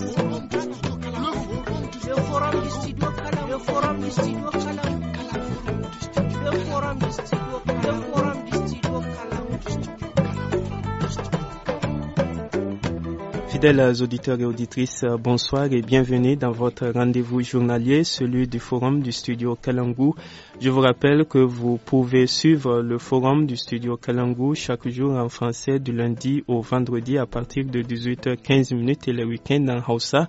Le forum du studio Calam. Le forum les auditeurs et auditrices, euh, bonsoir et bienvenue dans votre rendez-vous journalier, celui du forum du studio Kalangou. Je vous rappelle que vous pouvez suivre le forum du studio Kalangou chaque jour en français du lundi au vendredi à partir de 18h15 et le week end en Hausa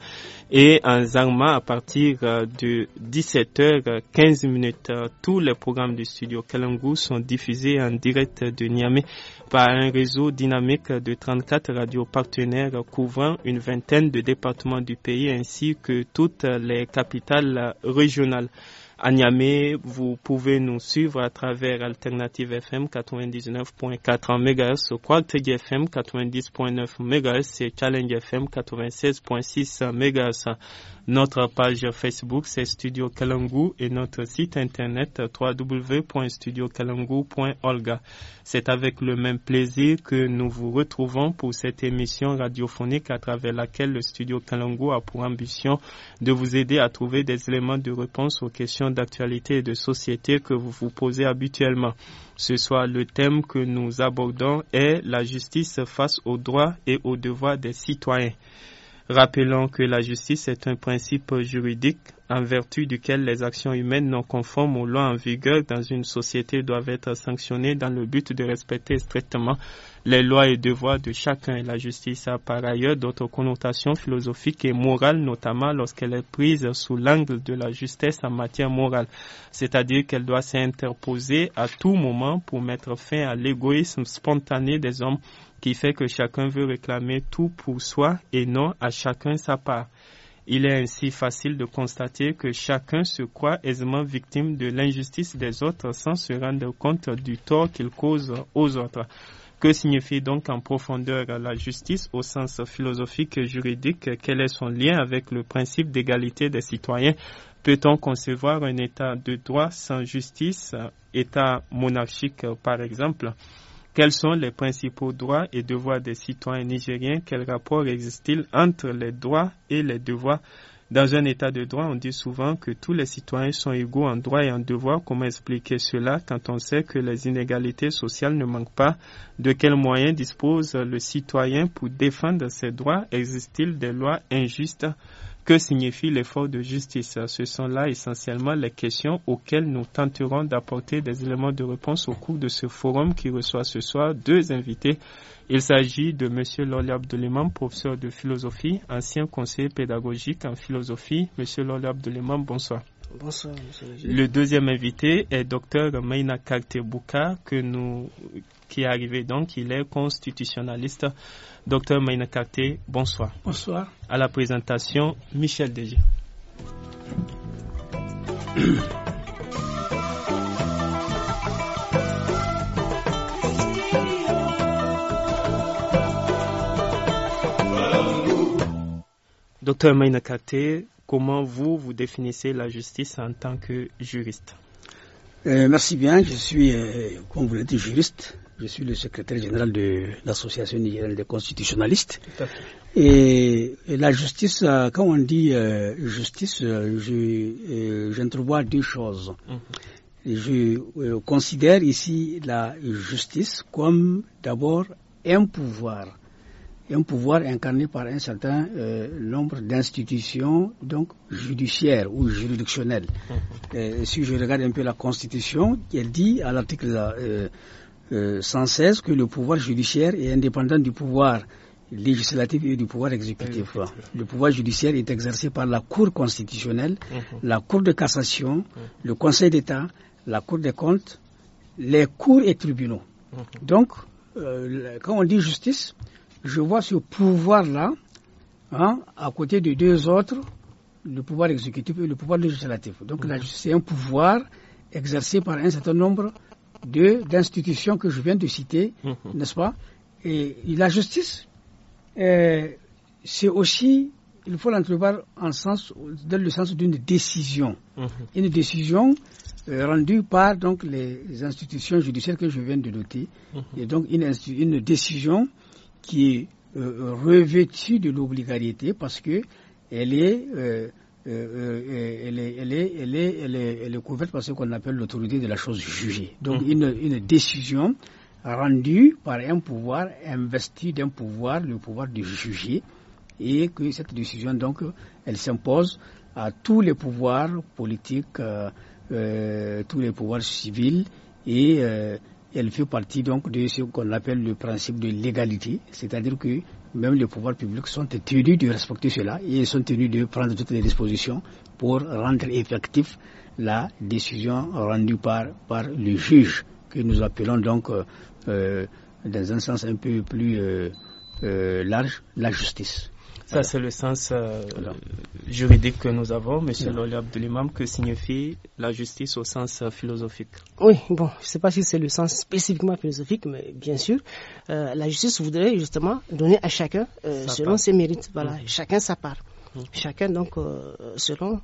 et en Zarma à partir euh, de 17h15 euh, Tous les programmes du studio Kalangou sont diffusés en direct de Niamey par un réseau dynamique de 34 radios partenaires couvrant une vingtaine de départements du pays ainsi que toutes les capitales régionales. À Niamey, vous pouvez nous suivre à travers Alternative FM 99.4 MHz, Quartier FM 90.9 MHz et Challenge FM 96.6 MHz. Notre page Facebook, c'est Studio Kalangu et notre site internet www.studiokalangu.olga. C'est avec le même plaisir que nous vous retrouvons pour cette émission radiophonique à travers laquelle le Studio Kalangu a pour ambition de vous aider à trouver des éléments de réponse aux questions d'actualité et de société que vous vous posez habituellement. Ce soir, le thème que nous abordons est la justice face aux droits et aux devoirs des citoyens. Rappelons que la justice est un principe juridique en vertu duquel les actions humaines non conformes aux lois en vigueur dans une société doivent être sanctionnées dans le but de respecter strictement les lois et devoirs de chacun. La justice a par ailleurs d'autres connotations philosophiques et morales, notamment lorsqu'elle est prise sous l'angle de la justesse en matière morale, c'est-à-dire qu'elle doit s'interposer à tout moment pour mettre fin à l'égoïsme spontané des hommes qui fait que chacun veut réclamer tout pour soi et non à chacun sa part. Il est ainsi facile de constater que chacun se croit aisément victime de l'injustice des autres sans se rendre compte du tort qu'il cause aux autres. Que signifie donc en profondeur la justice au sens philosophique et juridique Quel est son lien avec le principe d'égalité des citoyens Peut-on concevoir un état de droit sans justice, état monarchique par exemple quels sont les principaux droits et devoirs des citoyens nigériens Quel rapport existe-t-il entre les droits et les devoirs Dans un état de droit, on dit souvent que tous les citoyens sont égaux en droits et en devoirs. Comment expliquer cela quand on sait que les inégalités sociales ne manquent pas De quels moyens dispose le citoyen pour défendre ses droits Existe-t-il des lois injustes que signifie l'effort de justice Ce sont là essentiellement les questions auxquelles nous tenterons d'apporter des éléments de réponse au cours de ce forum qui reçoit ce soir deux invités. Il s'agit de M. Loli Abdeliman, professeur de philosophie, ancien conseiller pédagogique en philosophie. Monsieur Loli Abdeliman, bonsoir. Bonsoir, monsieur. Le deuxième invité est Dr Maïna Bouka, que nous, qui est arrivé. Donc, il est constitutionnaliste. Docteur Maynakate, bonsoir. Bonsoir. À la présentation, Michel Degé. Docteur Maynakate, comment vous, vous définissez la justice en tant que juriste euh, Merci bien, je suis, euh, comme vous l'avez dit, juriste. Je suis le secrétaire général de l'Association nigérienne des constitutionnalistes. Et, la justice, euh, quand on dit euh, justice, euh, j'entrevois je, deux choses. Mhm. Je considère ici la justice comme d'abord un pouvoir, un pouvoir incarné par un certain nombre d'institutions, donc judiciaires ou juridictionnelles. Mhm. si je regarde un peu la Constitution, elle dit à l'article euh, sans cesse que le pouvoir judiciaire est indépendant du pouvoir législatif et du pouvoir exécutif. Le pouvoir judiciaire est exercé par la Cour constitutionnelle, mhm. la Cour de cassation, mhm. le Conseil d'État, la Cour des comptes, les cours et tribunaux. Mhm. Donc, euh, quand on dit justice, je vois ce pouvoir-là hein, à côté de deux autres, le pouvoir exécutif et le pouvoir législatif. Donc, c'est un pouvoir exercé par un certain nombre d'institutions que je viens de citer, hum, hum. n'est-ce pas et, la justice, euh, c'est aussi, il faut l'entrevoir en sens, dans le sens d'une décision. Hum, une décision euh, rendue par donc, les institutions judiciaires que je viens de noter. Et donc une, une, décision qui est euh, revêtue de l'obligarité parce que elle est elle, est, couverte par ce qu'on appelle l'autorité de la chose jugée. Donc mm. une, décision rendue par un pouvoir investi d'un pouvoir, le pouvoir de juger, et que cette décision, donc, elle s'impose à tous les pouvoirs politiques, euh, euh, tous les pouvoirs civils, et euh, elle fait partie donc de ce qu'on appelle le principe de l'égalité, c'est-à-dire que même les pouvoirs publics sont tenus de respecter cela et sont tenus de prendre toutes les dispositions pour rendre effectif la décision rendue par, par le juge que nous appelons donc euh, euh, dans un sens un peu plus euh, large la justice. Ça, c'est le sens euh, juridique que nous avons, Monsieur Loli Abdelimam, que signifie la justice au sens euh, philosophique Oui, bon, je ne sais pas si c'est le sens spécifiquement philosophique, mais bien sûr, euh, la justice voudrait justement donner à chacun selon ses mérites. Voilà, mm. chacun sa part. Mm. Chacun, donc, selon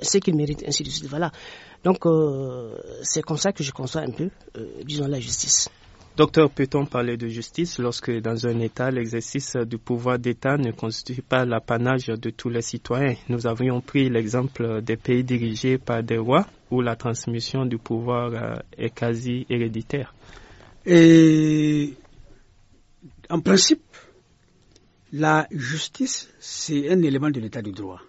ce qu'il mérite, ainsi de suite. Voilà. Donc, c'est comme ça que je conçois un peu, disons, la justice. Docteur, peut-on parler de justice lorsque dans un État, l'exercice du pouvoir d'État ne constitue pas l'apanage de tous les citoyens Nous avions pris l'exemple des pays dirigés par des rois où la transmission du pouvoir euh, est quasi héréditaire. Et en principe, la justice, c'est un élément de l'état du droit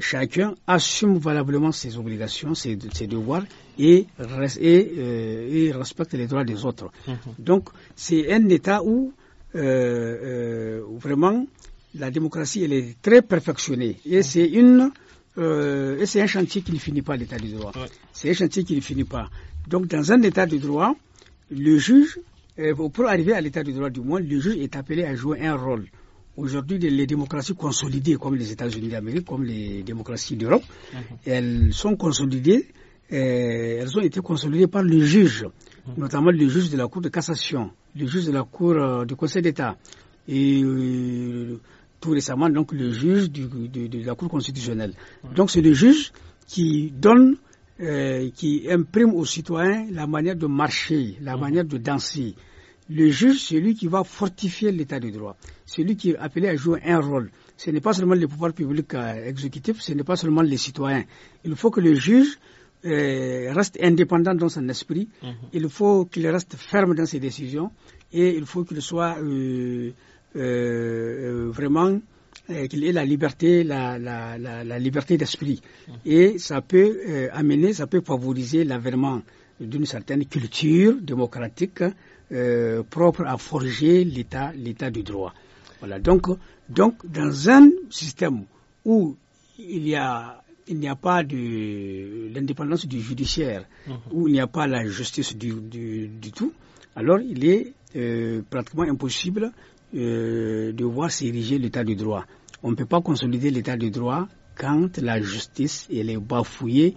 chacun assume valablement ses obligations, ses, devoirs euh, et, respecte les droits des autres. Mhm. Donc c'est un État où, euh, euh, vraiment la démocratie est très perfectionnée et mhm. c'est une c'est un chantier qui ne finit pas l'état du droit. C'est un chantier qui ne finit pas. Donc dans un état du droit, le juge, pour arriver à l'état du droit du moins, le juge est appelé à jouer un rôle aujourd'hui les démocraties consolidées comme les États-Unis d'Amérique, comme les démocraties d'Europe, mhm. elles sont consolidées, euh, elles ont été consolidées par le juge, mhm. notamment le juge de la Cour de cassation, le juge de la Cour euh, du Conseil d'État et euh, tout récemment donc le juge de, la Cour constitutionnelle. Mhm. Donc c'est le juge qui donne qui imprime aux citoyens la manière de marcher, la manière de danser, le juge, c'est lui qui va fortifier l'état de droit, c'est lui qui est appelé à jouer un rôle. Ce n'est pas seulement le pouvoir public euh, exécutif, ce n'est pas seulement les citoyens. Il faut que le juge euh, reste indépendant dans son esprit, mhm. il faut qu'il reste ferme dans ses décisions et il faut qu'il soit euh, vraiment qu'il ait la liberté, la, liberté d'esprit. Mhm. Et ça peut amener, ça peut favoriser l'avènement d'une certaine culture démocratique propres euh, propre à forger l'état, l'état du droit. Voilà. Donc, donc, dans un système où il y a il n'y a pas de l'indépendance du judiciaire, mhm. où il n'y a pas la justice du, du, tout, alors il est euh, pratiquement impossible euh, de voir s'ériger l'état du droit. On ne peut pas consolider l'état du droit quand la justice est bafouillée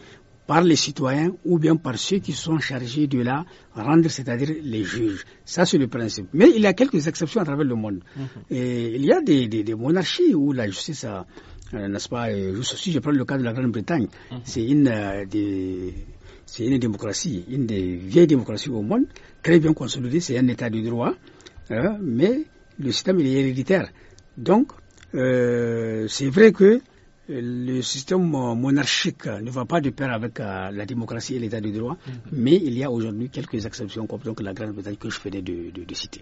par les citoyens ou bien par ceux qui sont chargés de la rendre, c'est-à-dire les juges. Ça, c'est le principe. Mais il y a quelques exceptions à travers le monde. Mhm. Et il y a des, des, monarchies où la justice euh, n'est-ce pas, euh, si je prends le cas de la Grande-Bretagne, mhm. c'est une euh, des c'est une démocratie, une des vieilles démocraties au monde, très bien consolidée, c'est un état de droit, hein, mais le système il est héréditaire. Donc, euh, c'est vrai que le système euh, monarchique ne va pas de pair avec euh, la démocratie et l'état de droit, mm-hmm. mais il y a aujourd'hui quelques exceptions, comme la Grande-Bretagne que je venais de, citer.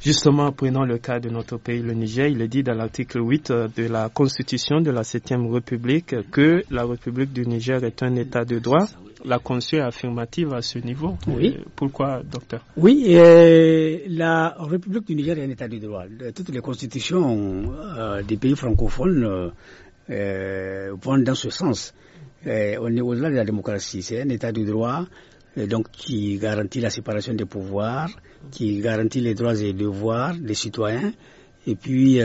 Justement, prenons le cas de notre pays, le Niger, il est dit dans l'article 8 euh, de la Constitution de la Septième e République que la République du Niger est un État de droit. La Constitution est affirmative à ce niveau. Oui. Pourquoi, docteur Oui, la République du Niger est un État de droit. Toutes les constitutions des pays francophones vont euh, dans ce sens. on est euh, au-delà de la démocratie, c'est un état de droit euh, donc qui garantit la séparation des pouvoirs, qui garantit les droits et devoirs des citoyens. Et puis,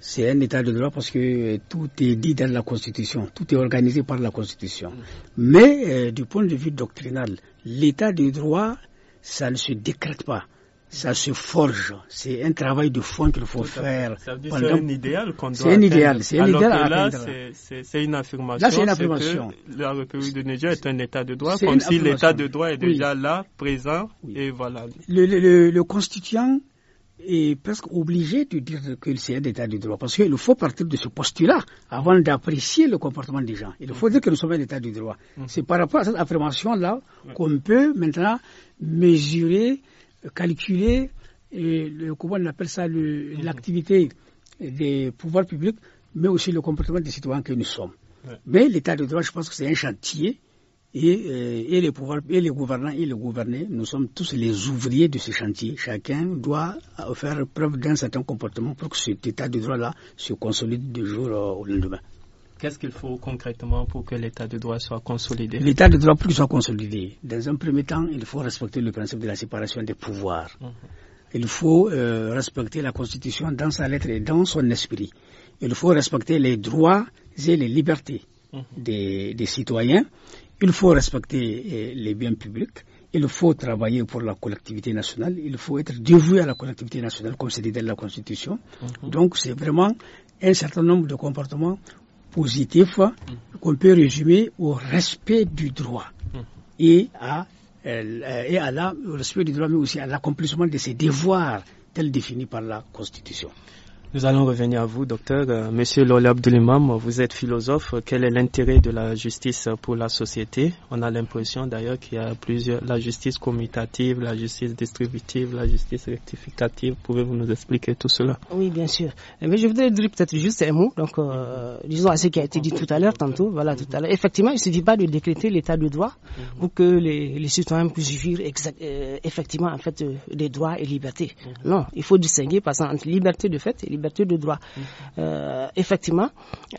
c'est un état de droit parce que tout est dit dans la Constitution, tout est organisé par la Constitution. Mais du point de vue doctrinal, l'état de droit, ça ne se décrète pas ça se forge. C'est un travail de fond qu'il faut faire. C'est un idéal qu'on doit C'est un idéal. C'est un idéal là, c'est une affirmation. Là, c'est une affirmation. Que la République de Niger est un état de droit, comme si l'état de droit est déjà là, présent, et voilà. Le, constituant est presque obligé de dire que c'est un état de droit, parce qu'il faut partir de ce postulat avant d'apprécier le comportement des gens. Il faut mhm. dire que nous sommes un état de droit. Mhm. C'est par rapport à cette affirmation-là qu'on peut maintenant mesurer calculer, et le, comment appelle ça, mhm. l'activité des pouvoirs publics, mais aussi le comportement des citoyens que nous sommes. Mais l'état de droit, je pense que c'est un chantier. Euh, et, les pouvoirs, et les gouvernants et les gouvernés, nous sommes tous les ouvriers de ce chantier. Chacun doit faire preuve d'un certain comportement pour que cet état de droit-là se consolide du jour au lendemain. Qu'est-ce qu'il faut concrètement pour que l'état de droit soit consolidé L'état de droit, pour qu'il soit consolidé, dans un premier temps, il faut respecter le principe de la séparation des pouvoirs. Mmh. Il faut euh, respecter la Constitution dans sa lettre et dans son esprit. Il faut respecter les droits et les libertés mmh. des, citoyens. Il faut respecter euh, les biens publics. Il faut travailler pour la collectivité nationale. Il faut être dévoué à la collectivité nationale, comme c'est dit dans la Constitution. Mmh. Donc, c'est vraiment un certain nombre de comportements positif mm. qu'on peut résumer au respect du droit mm. et à, euh, au respect du droit, mais aussi à l'accomplissement de ses devoirs tels définis par la Constitution. Nous allons revenir à vous, docteur. Euh, Monsieur Lola Abdoulimam, vous êtes philosophe. Quel est l'intérêt de la justice pour la société On a l'impression d'ailleurs qu'il y a plusieurs, la justice commutative, la justice distributive, la justice rectificative. Pouvez-vous nous expliquer tout cela Oui, bien sûr. Mais eh je voudrais dire peut-être juste un mot, donc euh, disons à ce qui a été dit tout à l'heure, tantôt, voilà, tout à l'heure. Effectivement, il ne suffit pas de décréter l'état de droit pour que les, citoyens puissent vivre euh, effectivement en fait des droits et libertés. Mhm. Non, il faut distinguer, par exemple, entre liberté de fait et liberté liberté de droit. Mm-hmm. Euh, effectivement,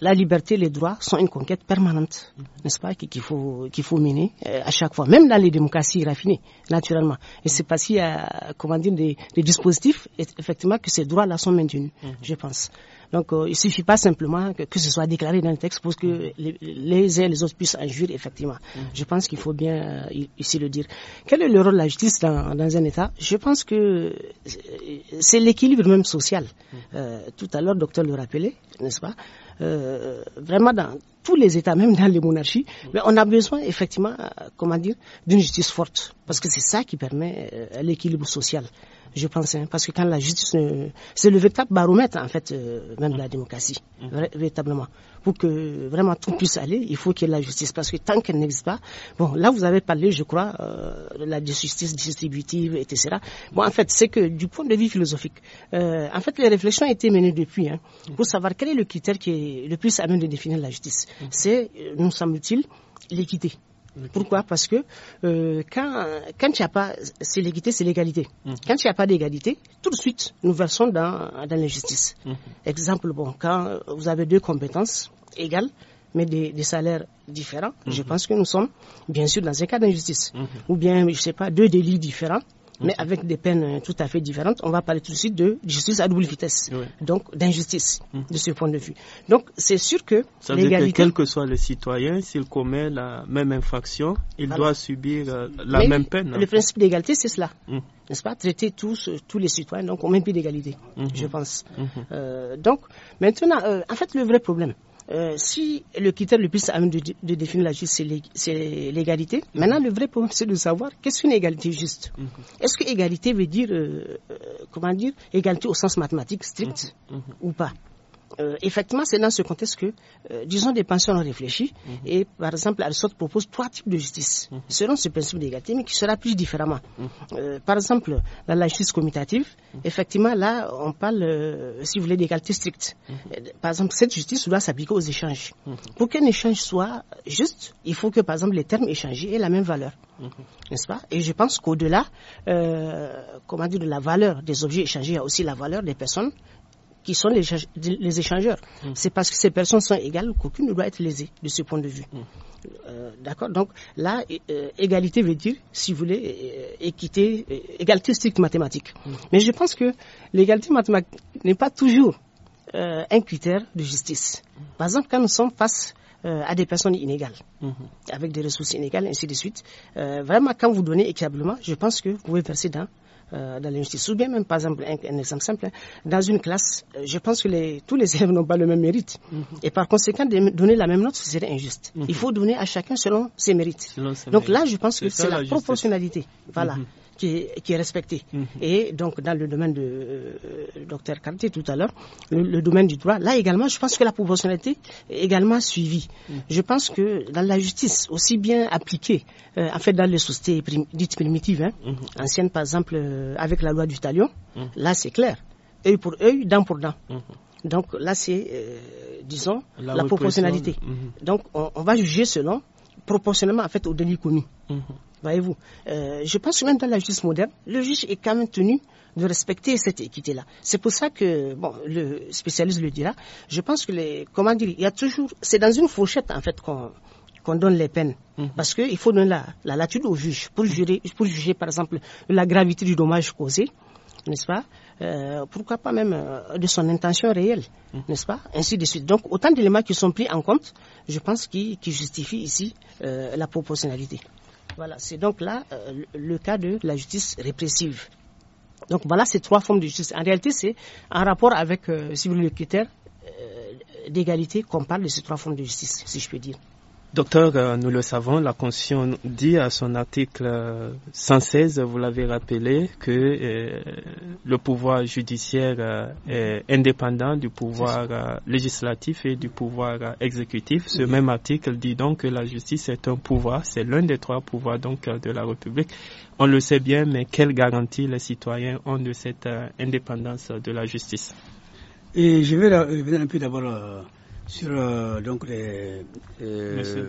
la liberté et les droits sont une conquête permanente, mm-hmm. n'est-ce pas, qu'il faut, qu'il faut mener euh, à chaque fois, même dans les démocraties raffinées, naturellement. Et mm-hmm. c'est parce qu'il y a, comment dire, des dispositifs, effectivement, que ces droits-là sont maintenus, je pense. Donc, euh, il suffit pas simplement que, ce soit déclaré dans le texte pour que mm. les, uns et les autres puissent en effectivement. Mm. Je pense qu'il faut bien euh, ici le dire. Quel est le rôle de la justice dans, un État Je pense que euh, c'est l'équilibre même social. Mm. Euh, tout à l'heure, docteur le rappelait, n'est-ce pas Vraiment, dans tous les États, même dans les monarchies, mais on a besoin, effectivement, comment dire, d'une justice forte. Parce que c'est ça qui permet l'équilibre social je pense, hein, parce que quand la justice, c'est le véritable baromètre en fait, euh, même de la démocratie, mhm. véritablement. Pour que vraiment tout puisse aller, il faut qu'il y ait la justice, parce que tant qu'elle n'existe pas, bon, là vous avez parlé, je crois, euh, de la justice distributive, etc. Bon, en fait, c'est que du point de vue philosophique, euh, en fait, les réflexions ont été menées depuis, hein, pour savoir quel est le critère qui est le plus à même de définir la justice. Mhm. C'est, nous semble-t-il, l'équité. Pourquoi Parce que euh, quand, quand il n'y a pas, c'est l'équité, c'est l'égalité. Mhm. Quand il n'y a pas d'égalité, tout de suite, nous versons dans, dans l'injustice. Mhm. Exemple, bon, quand vous avez deux compétences égales, mais des, salaires différents, je mhm. pense que nous sommes bien sûr dans un cas d'injustice. Ou bien, je ne sais pas, deux délits différents, mais avec des peines euh, tout à fait différentes. On va parler tout de suite de justice à double vitesse, donc d'injustice hum. de ce point de vue. Donc c'est sûr que ça veut dire que quel que soit le citoyen, s'il commet la même infraction, il doit subir euh, la même peine. Le principe d'égalité, c'est cela. Hum. N'est-ce pas Traiter tous, euh, tous les citoyens donc au même pied d'égalité, hum. je pense. donc, maintenant, en fait, le vrai problème, euh, si le critère le plus à même de, définir la justice, c'est l'égalité. Maintenant, le vrai problème, c'est de savoir qu'est-ce qu'une égalité juste. Mhm. Est-ce que égalité veut dire, euh, euh, comment dire, égalité au sens mathématique strict mhm. Mhm. ou pas euh, effectivement, c'est dans ce contexte que, euh, disons, des pensions ont réfléchi. Mhm. Et par exemple, Aristote propose trois types de justice, mhm. selon ce principe d'égalité, mais qui sera plus différemment. Mhm. Euh, par exemple, la, la justice commutative, effectivement, là, on parle, si vous voulez, d'égalité stricte. Par exemple, cette justice doit s'appliquer aux échanges. Pour qu'un échange soit juste, il faut que, par exemple, les termes échangés aient la même valeur. N'est-ce pas Et je pense qu'au-delà, comment dire, de la valeur des objets échangés, il y a aussi la valeur des personnes qui sont les, les échangeurs. Mmh. C'est parce que ces personnes sont égales qu'aucune ne doit être lésée de ce point de vue. Mmh. Euh, d'accord Donc là, euh, égalité veut dire, si vous voulez, euh, équité, égalité stricte mathématique. Mmh. Mais je pense que l'égalité mathématique n'est pas toujours un critère de justice. Par exemple, quand nous sommes face à des personnes inégales, avec des ressources inégales, ainsi de suite. vraiment, quand vous donnez équitablement, je pense que vous pouvez verser dans euh, dans l'injustice. Ou bien même, par exemple, un, exemple simple, dans une classe, euh, je pense que tous les élèves n'ont pas le même mérite. Mhm. Et par conséquent, donner la même note, ce serait injuste. Mhm. Il faut donner à chacun selon ses mérites. Donc là, je pense que c'est la, la proportionnalité. Voilà. Mhm qui est, qui mhm. Et donc, dans le domaine de euh, docteur Cartier tout à l'heure, le, domaine du droit, là également, je pense que la proportionnalité est également suivie. Mhm. Je pense que dans la justice, aussi bien appliquée, euh, en fait, dans les sociétés dites primitives, hein, mhm. anciennes par exemple, euh, avec la loi du talion, là c'est clair. Œil pour œil, dent pour dent. Donc là, c'est, disons, la, proportionnalité. Donc on, va juger selon, proportionnellement en fait au délit commis. Voyez-vous, euh, je pense que même dans la justice moderne, le juge est quand même tenu de respecter cette équité-là. C'est pour ça que, bon, le spécialiste le dira, je pense que, les, comment dire, il y a toujours, c'est dans une fourchette en fait qu'on donne les peines. Mhm. Parce qu'il faut donner la, latitude au juge pour juger, pour juger, par exemple, la gravité du dommage causé, n'est-ce pas euh, Pourquoi pas même euh, de son intention réelle, mhm. n'est-ce pas Ainsi de suite. Donc, autant d'éléments qui sont pris en compte, je pense, qui, qui justifient ici la proportionnalité. Voilà, c'est donc là euh, le cas de la justice répressive. Donc voilà ces trois formes de justice. En réalité, c'est en rapport avec, euh, si vous voulez, le critère euh, d'égalité qu'on parle de ces trois formes de justice, si je peux dire. Docteur, euh, nous le savons, la Constitution dit à son article 116, euh, vous l'avez rappelé, que euh, le pouvoir judiciaire est indépendant du pouvoir législatif et du pouvoir exécutif. Ce même article dit donc que la justice est un pouvoir, c'est l'un des trois pouvoirs donc de la République. On le sait bien, mais quelles garantie les citoyens ont de cette indépendance de la justice Et je vais revenir un peu d'abord sur euh, donc les, euh, Monsieur,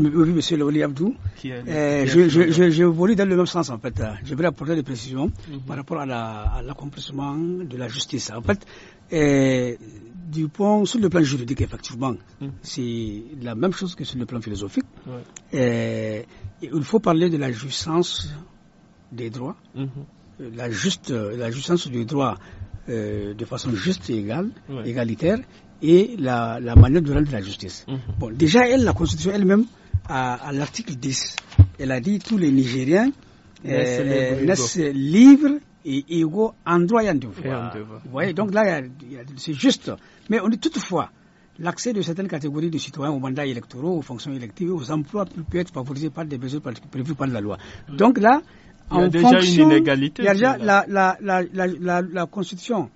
Monsieur, Abdou. Euh, je, je, je, voulais dans le même sens en fait. Je apporter des précisions mhm. par rapport à l'accomplissement de la justice. En fait, et, euh, du point sur le plan juridique effectivement, mhm. c'est la même chose que sur le plan philosophique. il faut parler de la jouissance des droits, mhm. la juste la jouissance du droit euh, de façon juste et égale, égalitaire, et la, la, manière de rendre la justice. Mhm. Bon, déjà, elle, la Constitution elle-même, à, à l'article 10, elle a dit tous les Nigériens euh, naissent libres et égaux en droit et en devoir. Vous voyez, donc là, c'est juste. Mais on dit toutefois, l'accès de certaines catégories de citoyens aux mandats électoraux, aux fonctions électives, aux emplois peut être favorisé par des besoins prévus par la loi. Mhm. Donc là, il y a déjà une inégalité. la, Constitution.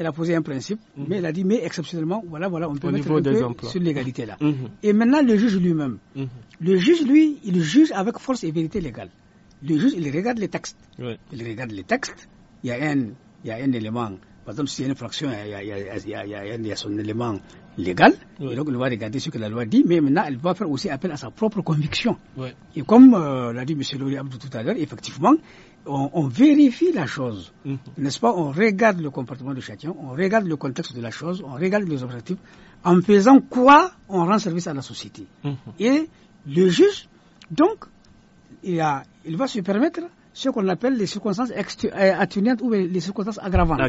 Elle a posé un principe, mhm. mais elle a dit, mais exceptionnellement, voilà, voilà, on peut mettre un sur l'égalité là. Mhm. Et maintenant, le juge lui-même, mhm. le juge, lui, il juge avec force et vérité légale. Le juge, il regarde les textes. Il regarde les textes. il y a un élément par exemple, s'il y a une infraction, il y a, son élément légal, donc elle va regarder ce que la loi dit, mais maintenant elle va faire aussi appel à sa propre conviction. Et comme euh, l'a dit M. Lori tout à l'heure, effectivement, on, vérifie la chose, mhm. n'est-ce pas On regarde le comportement de chacun, on regarde le contexte de la chose, on regarde les objectifs. En faisant quoi, on rend service à la société. Mhm. Et le juge, donc, il, a, il va se permettre ce qu'on appelle les circonstances euh, atténuantes ou les circonstances aggravantes.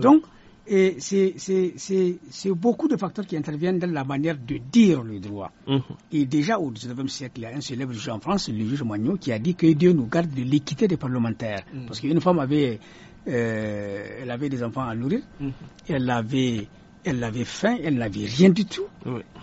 Donc, c'est beaucoup de facteurs qui interviennent dans la manière de dire le droit. Mhm. Et déjà au 19e siècle, il y a un célèbre juge en France, le juge Magnon, qui a dit que Dieu nous garde de l'équité des parlementaires. Mhm. Parce qu'une femme avait, euh, elle avait des enfants à nourrir, mhm. elle avait elle avait faim, elle n'avait rien du tout.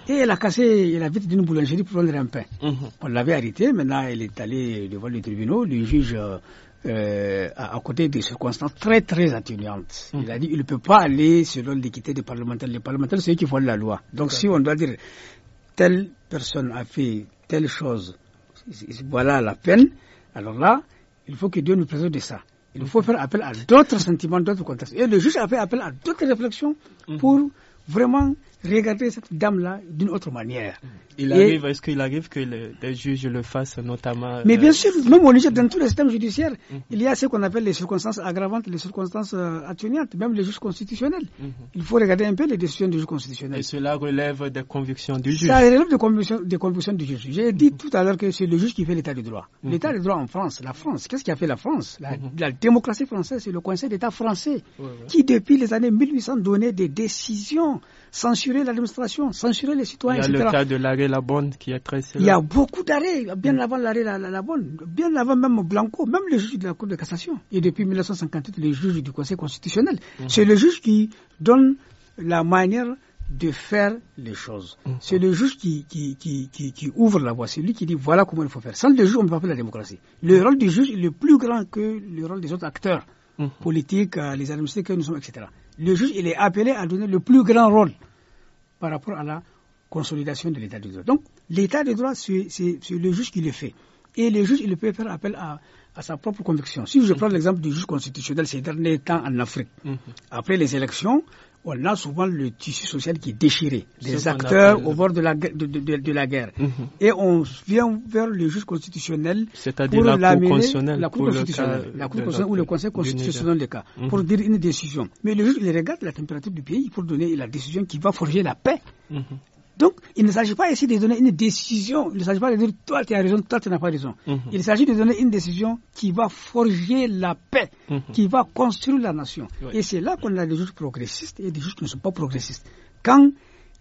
Et elle a cassé la vitre d'une boulangerie pour vendre un pain. Mhm. On l'avait arrêtée, maintenant elle est allée devant le tribunal, le juge euh, à, euh, côté des circonstances très très atténuantes. Il mhm. a dit il ne peut pas aller selon l'équité des parlementaires. Les parlementaires, c'est eux qui font la loi. Donc si on doit dire telle personne a fait telle chose, voilà la peine, alors là, il faut que Dieu nous présente de ça. Il faut faire appel à d'autres sentiments, d'autres contextes. Et le juge a fait appel à d'autres réflexions mm-hmm. pour vraiment regarder cette dame-là d'une autre manière. Il arrive, est-ce qu'il arrive que le, les juges le fassent notamment Mais bien euh, sûr, même au dans tous les systèmes judiciaire, mhm. il y a ce qu'on appelle les circonstances aggravantes, les circonstances euh, atténuantes, même les juges constitutionnels. Mhm. Il faut regarder un peu les décisions du juge constitutionnel. Et cela relève des convictions du juge Ça relève des convictions, du juge. J'ai dit mhm. tout à l'heure que c'est le juge qui fait l'état de droit. L'état de droit en France, la France, qu'est-ce qui a fait la France la, démocratie française, c'est le Conseil d'État français qui, depuis les années 1800, donnait des décisions censurer l'administration, censurer les citoyens, Il y a le cas de l'arrêt La qui est très célèbre. Il y a beaucoup d'arrêts, bien avant l'arrêt la, bien avant même Blanco, même le juge de la Cour de cassation. Et depuis 1958, le juge du Conseil constitutionnel. Mm-hmm. C'est le juge qui donne la manière de faire les choses. Mm-hmm. C'est le juge qui, qui, ouvre la voie, c'est lui qui dit voilà comment il faut faire. Sans le juge, on ne peut pas faire la démocratie. Le rôle du juge est le plus grand que le rôle des autres acteurs mm-hmm. politiques, euh, les administrés que nous sommes, etc le juge il est appelé à donner le plus grand rôle par rapport à la consolidation de l'état de droit. Donc, l'état de droit, c'est le juge qui le fait. Et le juge, il peut faire appel à, à sa propre conviction. Si je prends mhm. l'exemple du juge constitutionnel ces derniers temps en Afrique, mhm. après les élections, on a souvent le tissu social qui est déchiré, les acteurs au bord de la, de, la guerre. Mhm. Et on vient vers le juge constitutionnel. C'est-à-dire la, Cour constitutionnelle. La ou le Conseil constitutionnel, des cas, mhm. pour dire une décision. Mais le juge, il regarde la température du pays pour donner la décision qui va forger la paix. Mhm. Donc, il ne s'agit pas ici de donner une décision. Il ne s'agit pas de dire toi tu as raison, toi tu n'as pas raison. Mhm. Il s'agit de donner une décision qui va forger la paix, mhm. qui va construire la nation. Et c'est là qu'on a des juges progressistes et des juges qui ne sont pas progressistes. Quand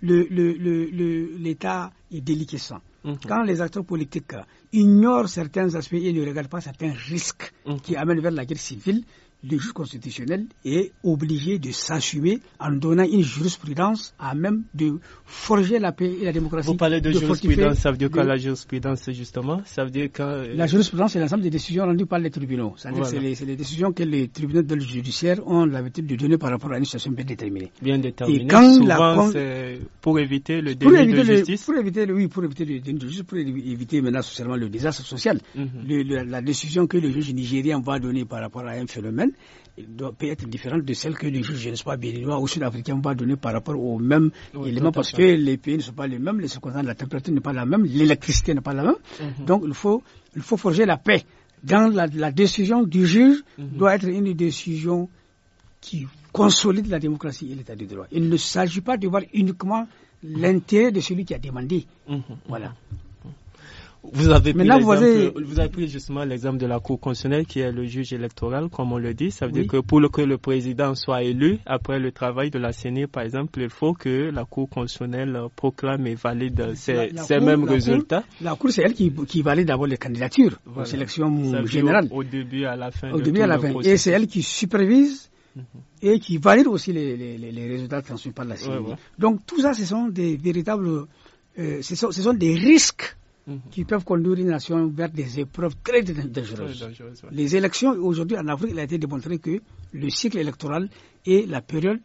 l'État est déliquescent, mhm. quand les acteurs politiques ignorent certains aspects et ne regardent pas certains risques qui amènent vers la guerre civile, le juge constitutionnel est obligé de s'assumer en donnant une jurisprudence à même de forger la paix et la démocratie. Vous parlez de, jurisprudence, ça veut dire quoi la jurisprudence justement ça veut dire que euh, La jurisprudence, c'est l'ensemble des décisions rendues par les tribunaux. C'est voilà. les, les, décisions que les tribunaux de judiciaire ont l'habitude de donner par rapport à une situation bien déterminée. Bien déterminée. Et quand Souvent, la... c'est pour éviter le déni de justice pour éviter Oui, pour éviter le déni de justice, pour éviter maintenant socialement le désastre social. Mhm. la décision que le juge nigérien va donner par rapport à un phénomène, doit peut être différente de celle que le juge, je ne sais pas, béninois ou sud-africain va donner par rapport aux mêmes éléments parce que les pays ne sont pas les mêmes, les la température n'est pas la même, l'électricité n'est pas la même. Mhm. Donc il faut, il faut forger la paix. Dans la, décision du juge mhm. doit être une décision qui consolide la démocratie et l'état de droit. Il ne s'agit pas de voir uniquement l'intérêt de celui qui a demandé. Mhm, voilà. Vous avez, pris vous, vous avez pris justement l'exemple de la Cour constitutionnelle qui est le juge électoral, comme on le dit. Ça veut dire que pour que le président soit élu, après le travail de la CENI, par exemple, il faut que la Cour constitutionnelle euh, proclame et valide euh, ces, mêmes résultats. la Cour, c'est elle qui, valide d'abord les candidatures aux élections générales. Au, début, à la fin. à la fin. Et c'est elle qui supervise mhm. et qui valide aussi les, résultats transmis par la CENI. Donc tout ça, ce sont des véritables, euh, ce, sont, des risques Mhm. qui peuvent conduire une nation vers des épreuves très dangereuses. Les élections aujourd'hui en Afrique, il a été démontré que le cycle électoral est la période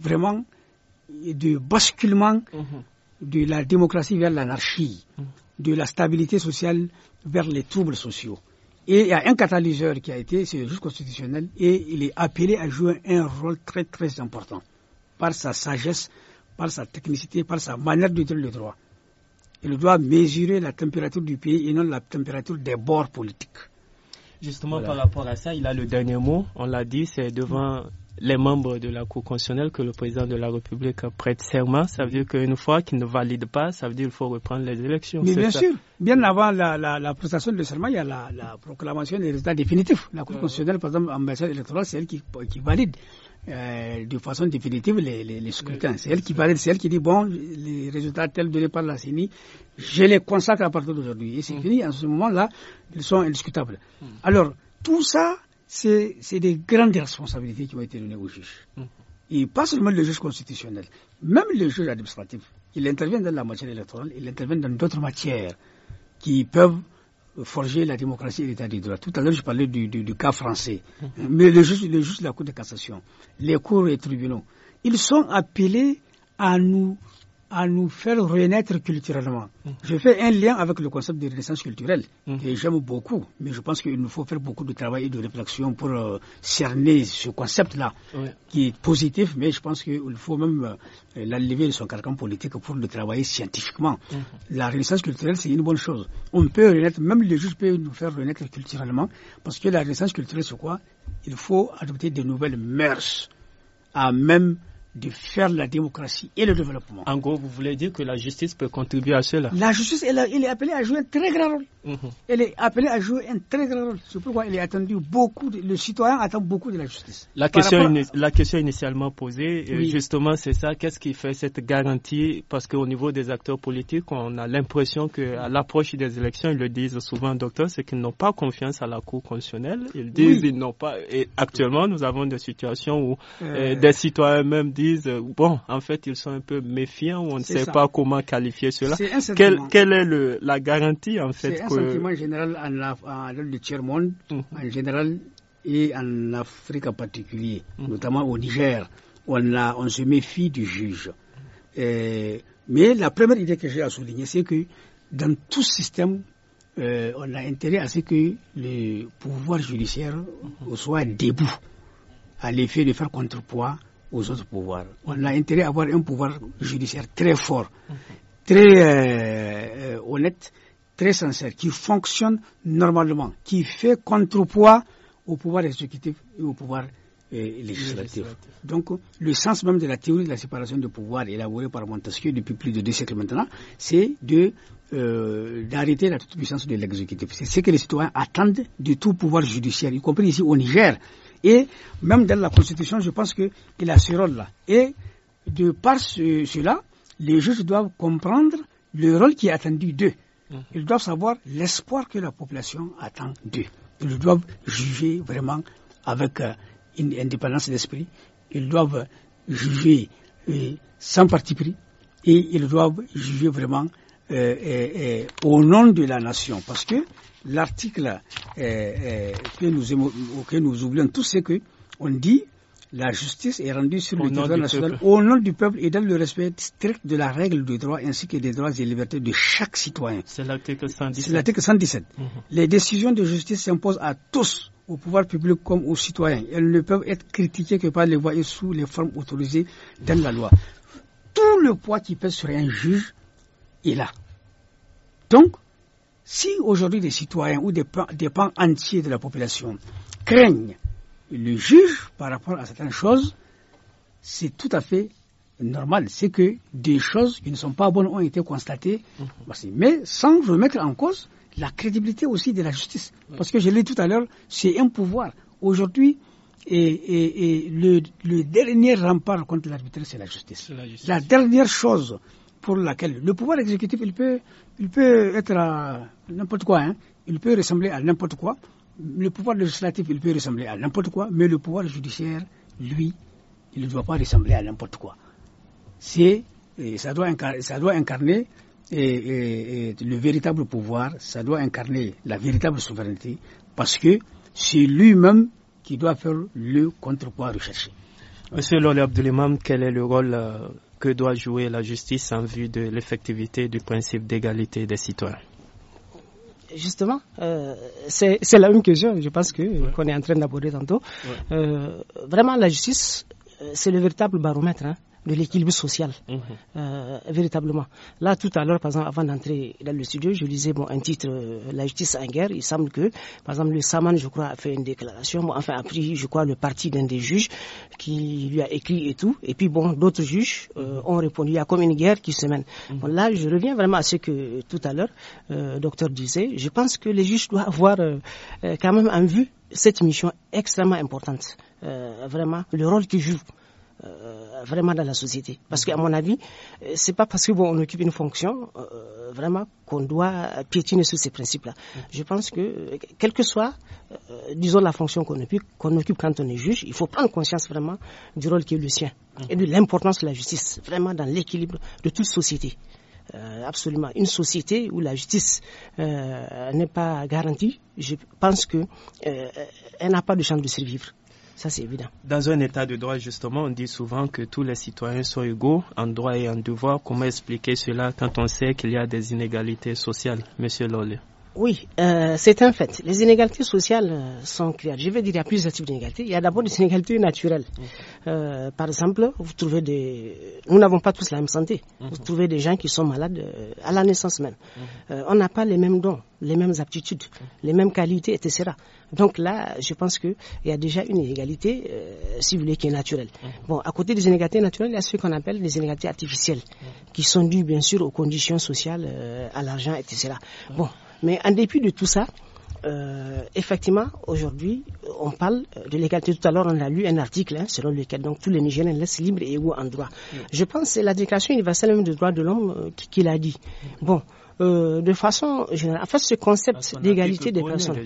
vraiment du basculement mhm. de la démocratie vers l'anarchie, mhm. de la stabilité sociale vers les troubles sociaux. Et il y a un catalyseur qui a été, c'est le juge constitutionnel, et il est appelé à jouer un rôle très très important par sa sagesse, par sa technicité, par sa manière de dire le droit. Il doit mesurer la température du pays et non la température des bords politiques. Justement, par rapport à ça, il a le dernier mot. On l'a dit, c'est devant les membres de la Cour constitutionnelle que le président de la République prête serment. Ça veut dire qu'une fois qu'il ne valide pas, ça veut dire qu'il faut reprendre les élections. Mais bien sûr, bien avant la, prestation de serment, il y a la, proclamation des résultats définitifs. La Cour euh. constitutionnelle, par exemple, en matière électorale, c'est elle qui valide euh, de façon définitive les, les, les scrutins. C'est elle qui parle c'est elle qui dit bon, les résultats tels donnés par la CENI, je les consacre à partir d'aujourd'hui. Et c'est mm. fini, en ce moment-là, ils sont indiscutables. Mm. Alors, tout ça, c'est des grandes responsabilités qui ont été données aux juges. Mm. Et pas seulement le juge constitutionnel, même le juge administratif. Il intervient dans la matière électorale, il intervient dans d'autres matières qui peuvent forger la démocratie et l'état du droit. Tout à l'heure, je parlais du, du, du cas français. Mais le juste le juge de la Cour de cassation, les cours et tribunaux, ils sont appelés à nous à nous faire renaître culturellement. Mhm. Je fais un lien avec le concept de renaissance culturelle, mhm. et que j'aime beaucoup, mais je pense qu'il nous faut faire beaucoup de travail et de réflexion pour euh, cerner ce concept-là, qui est positif, mais je pense qu'il faut même euh, l'enlever de son carcan politique pour le travailler scientifiquement. Mhm. La renaissance culturelle, c'est une bonne chose. On peut renaître, même les juges peuvent nous faire renaître culturellement, parce que la renaissance culturelle, c'est quoi Il faut adopter de nouvelles mœurs, à même de faire la démocratie et le développement. En gros, vous voulez dire que la justice peut contribuer à cela La justice, elle, elle est appelée à jouer un très grand rôle. Mm-hmm. Elle est appelée à jouer un très grand rôle. pourquoi est attendu beaucoup. le citoyen attend beaucoup de la justice. La, question, la question, initialement posée, euh, justement, c'est ça. Qu'est-ce qui fait cette garantie Parce qu'au niveau des acteurs politiques, on a l'impression qu'à l'approche des élections, ils le disent souvent, docteur, c'est qu'ils n'ont pas confiance à la Cour constitutionnelle. Ils disent ils n'ont pas. Et actuellement, nous avons des situations où euh. Euh, des citoyens même disent bon, en fait, ils sont un peu méfiants on ne sait pas comment qualifier cela. Quelle, est la garantie en fait sentiment général en Afrique, tiers-monde, mhm. en général, et en Afrique en particulier, mhm. notamment au Niger. On, on se méfie du juge. mais la première idée que j'ai à souligner, c'est que dans tout système, euh, on a intérêt à ce que le pouvoir judiciaire mhm. soit debout, à l'effet de faire contrepoids aux autres pouvoirs. On a intérêt à avoir un pouvoir judiciaire très fort, très euh, euh, honnête, très sincère, qui fonctionne normalement, qui fait contrepoids au pouvoir exécutif et au pouvoir euh, législatif. Donc, le sens même de la théorie de la séparation de pouvoir élaborée par Montesquieu depuis plus de deux siècles maintenant, c'est de euh, d'arrêter la toute-puissance de l'exécutif. C'est ce que les citoyens attendent du tout pouvoir judiciaire, y compris ici au Niger. Et même dans la Constitution, je pense qu'il a ce rôle-là. Et de par cela, les juges doivent comprendre le rôle qui est attendu d'eux. Ils doivent savoir l'espoir que la population attend d'eux. Ils doivent juger vraiment avec euh, une indépendance d'esprit. Ils doivent juger euh, sans parti pris. Et ils doivent juger vraiment euh, au nom de la nation. Parce que l'article que nous, que nous oublions tout c'est que on dit la justice est rendue sur le territoire national au nom du peuple et dans le respect strict de la règle du droit ainsi que des droits et libertés de chaque citoyen. C'est l'article 117. 117. Mhm. Les décisions de justice s'imposent à tous, au pouvoir public comme aux citoyens. Elles ne peuvent être critiquées que par les voies et sous les formes autorisées dans la loi. Tout le poids qui pèse sur un juge est là. Donc, si aujourd'hui des citoyens ou des des pans entiers de la population craignent le juge par rapport à certaines choses, c'est tout à fait normal. C'est que des choses qui ne sont pas bonnes ont été constatées, mhm. mais sans remettre en cause la crédibilité aussi de la justice. Parce que je l'ai dit tout à l'heure, c'est un pouvoir. Aujourd'hui, et, le, dernier rempart contre l'arbitraire, c'est la, justice. La dernière chose pour laquelle le pouvoir exécutif, il peut, il peut être n'importe quoi, hein. il peut ressembler à n'importe quoi le pouvoir législatif, il peut ressembler à n'importe quoi, mais le pouvoir judiciaire, lui, il ne doit pas ressembler à n'importe quoi. C'est, ça doit, incarner, ça doit incarner le véritable pouvoir, ça doit incarner la véritable souveraineté, parce que c'est lui-même qui doit faire le contrepoids recherché. Monsieur Lole Abdulimam, quel est le rôle euh, que doit jouer la justice en vue de l'effectivité du principe d'égalité des citoyens Justement, euh, c'est la même question, je pense que qu'on est en train d'aborder tantôt. Euh, vraiment, la justice, euh, c'est le véritable baromètre. Hein de l'équilibre social, mhm. euh, véritablement. Là, tout à l'heure, par exemple, avant d'entrer dans le studio, je lisais bon, un titre, euh, La justice en guerre. Il semble que, par exemple, le Saman, je crois, a fait une déclaration, bon, enfin, a pris, je crois, le parti d'un des juges qui lui a écrit et tout. Et puis, bon, d'autres juges euh, ont répondu. Il y a comme une guerre qui se mène. Mhm. là, je reviens vraiment à ce que tout à l'heure, le docteur disait. Je pense que les juges doivent avoir quand même en vue cette mission extrêmement importante. vraiment le rôle qu'ils jouent. Euh, vraiment dans la société. Parce qu'à mon avis, euh, c'est pas parce que bon, on occupe une fonction euh, vraiment qu'on doit piétiner sur ces principes-là. Je pense que, quelle que soit, disons la fonction qu'on occupe, qu'on occupe quand on est juge, il faut prendre conscience vraiment du rôle qui est le sien et de l'importance de la justice, vraiment dans l'équilibre de toute société. absolument. Une société où la justice n'est pas garantie, je pense que elle n'a pas de chance de survivre. Ça, c'est évident. Dans un état de droit, justement, on dit souvent que tous les citoyens sont égaux en droit et en devoir. Comment expliquer cela quand on sait qu'il y a des inégalités sociales, Monsieur Lolle oui, euh, c'est un fait. Les inégalités sociales euh, sont claires. Je vais dire il y a plusieurs types d'inégalités. Il y a d'abord des inégalités naturelles. Euh, par exemple, vous trouvez des... Nous n'avons pas tous la même santé. Mhm. Vous trouvez des gens qui sont malades euh, à la naissance même. Mhm. on n'a pas les mêmes dons, les mêmes aptitudes, les mêmes qualités, etc. Donc là, je pense qu'il y a déjà une inégalité, si vous voulez, qui est naturelle. Bon, à côté des inégalités naturelles, il y a ce qu'on appelle les inégalités artificielles, qui sont dues, bien sûr, aux conditions sociales, à l'argent, etc. Bon, mais en dépit de tout ça, euh, effectivement, aujourd'hui, on parle de l'égalité. Tout à l'heure, on a lu un article hein, selon lequel donc, tous les Nigériens laissent libres et égaux en droit. Je pense que c'est la Déclaration universelle des droits de l'homme euh, qui, l'a dit. Bon, euh, de façon générale, en ce concept d'égalité des personnes.